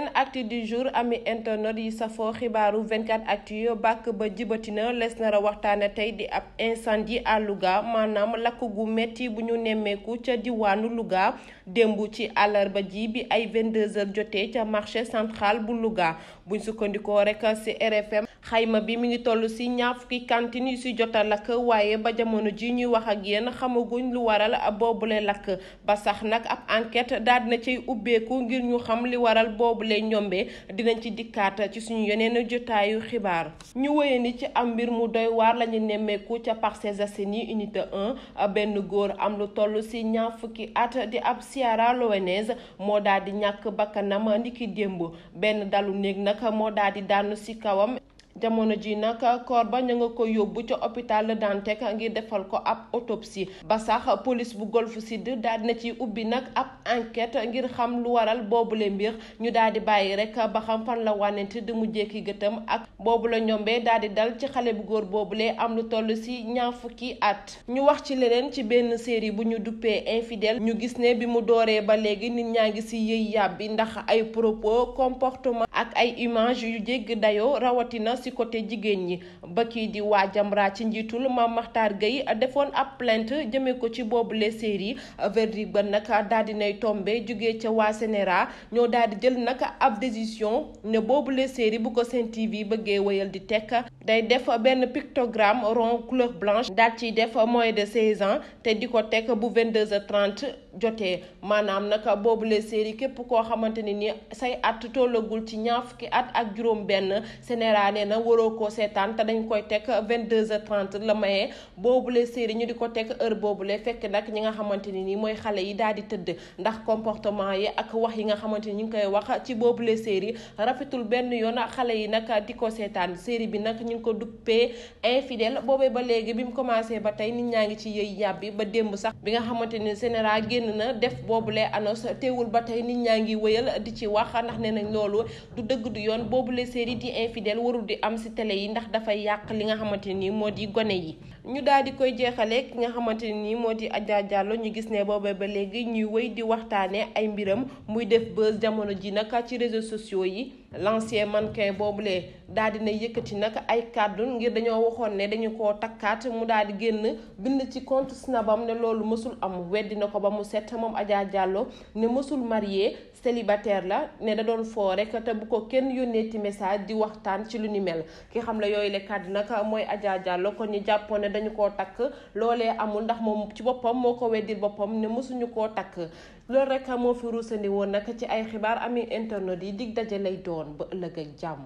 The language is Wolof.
beneen actu du jour ami internet yi safoo xibaaru 24 actu yo bàkk ba jibatina les nar a waxtaane tey di ab incendie à Louga maanaam lakk gu metti bu ñu nemmeeku ca diwaanu Louga démb ci àllarba ji bi ay 22 heures jotee ca marché central bu Louga buñ sukkandikoo rek ci RFM xayma bi mi ngi toll si ñaar fukki cantine yu si jota lakk waaye ba jamono ji ñuy wax ak yenn xamaguñ lu waral boobule lakk ba sax nag ab enquête daal na ci ubbeeku ngir ñu xam li waral boobule ñombe dinañ ci dikkaat ci suñu yeneen jotaayu xibaar. ñu wéyee ni ci am mbir mu doy waar lañu nemmeeku ca Parcelles Assainies unité un benn góor am lu toll si ñaar fukki at di ab Sierra Leonése moo daal di ñàkk bakkanam niki démb benn dalu néeg nag moo daal di daanu si kawam. jamono ji nag corps ba ña nga ko yóbbu ca hôpital Dantec ngir defal ko ab autopsie ba sax police bu Golf sidd daal na ci ubbi nag ab enquête ngir xam lu waral boobu boobule mbir ñu daal di bàyyi rek ba xam fan la wànnent di mu jékki gëtam ak boobu la ñombee daal di dal ci xale bu góor boobu boobule am lu toll si ñaar fukki at ñu wax ci leneen ci benn série bu ñu duppee infidèle ñu gis ne bi mu dooree ba léegi nit ñaa ngi si yëy yàbbi ndax ay propos comportement ak ay image yu jégg dayoo rawatina si côté jigéen ñi ba kii di waa Jamra ci njiitul Mame Makhtar Gueye defoon ab plainte jëmee ko ci boobu boobule série verdict ba nag daal di nay tombe jugee ca waa Sénéra ñoo daal di jël nag ab décision ne boobule série bu ko Sen TV bëggee wéyal di tekk day def benn pictogramme rond couleur blanche daal ciy def moins de 16 ans te di ko teg bu 22 h trente jotee maanaam nag boobule série képp koo xamante ne ni say at tollagul ci ñaar fukki at ak juróom benn na waroo koo seetaan te dañ koy teg 22h30 la maye boobule série ñu di ko teg heure boobule fekk nag ñi nga xamante ni nii mooy xale yi daal di tëdd ndax comportement yi ak wax yi nga xamante ni ñu ngi koy wax ci boobu boobule série rafetul benn yoon xale yi nag di ko seetaan série bi nag ñu ngi ko duppee infidèle boobee ba léegi bi mu commencé ba tey nit ñaa ngi ci yëy yàbbi ba démb sax bi nga xamante ni général génn na def boobu boobule annonce teewul ba tey nit ñaa ngi wëyal di ci wax ndax ne nañ loolu du dëgg du yoon am ci télé yi ndax dafay yàq li nga xamante ni moo di gone yi ñu daal di koy jeexalee ki nga xamante nii moo di Adja Diallo ñu gis ne boobee ba léegi ñuy wëy di waxtaanee ay mbiram muy def buzz jamono ji nag ci réseaux sociaux yi l'ancien mannequin boobule daal di na yëkkati nag ay kàddu ngir dañoo waxoon ne dañu koo takkaat mu daal di génn bind ci compte snapam ne loolu mësul am weddi na ko ba mu set moom Adja Diallo ne mësul marié célibataire la ne da doon foo rek te bu ko kenn yónnee ci message di waxtaan ci lu ni ki xam la yooyu le dañu koo takk loolee amul ndax moom ci boppam moo ko weddil boppam ne mësuñu koo takk loolu rek moo fi ruusandi woon nag ci ay xibaar ami internet yi dig daje lay doon ba ëllëg ay jàmm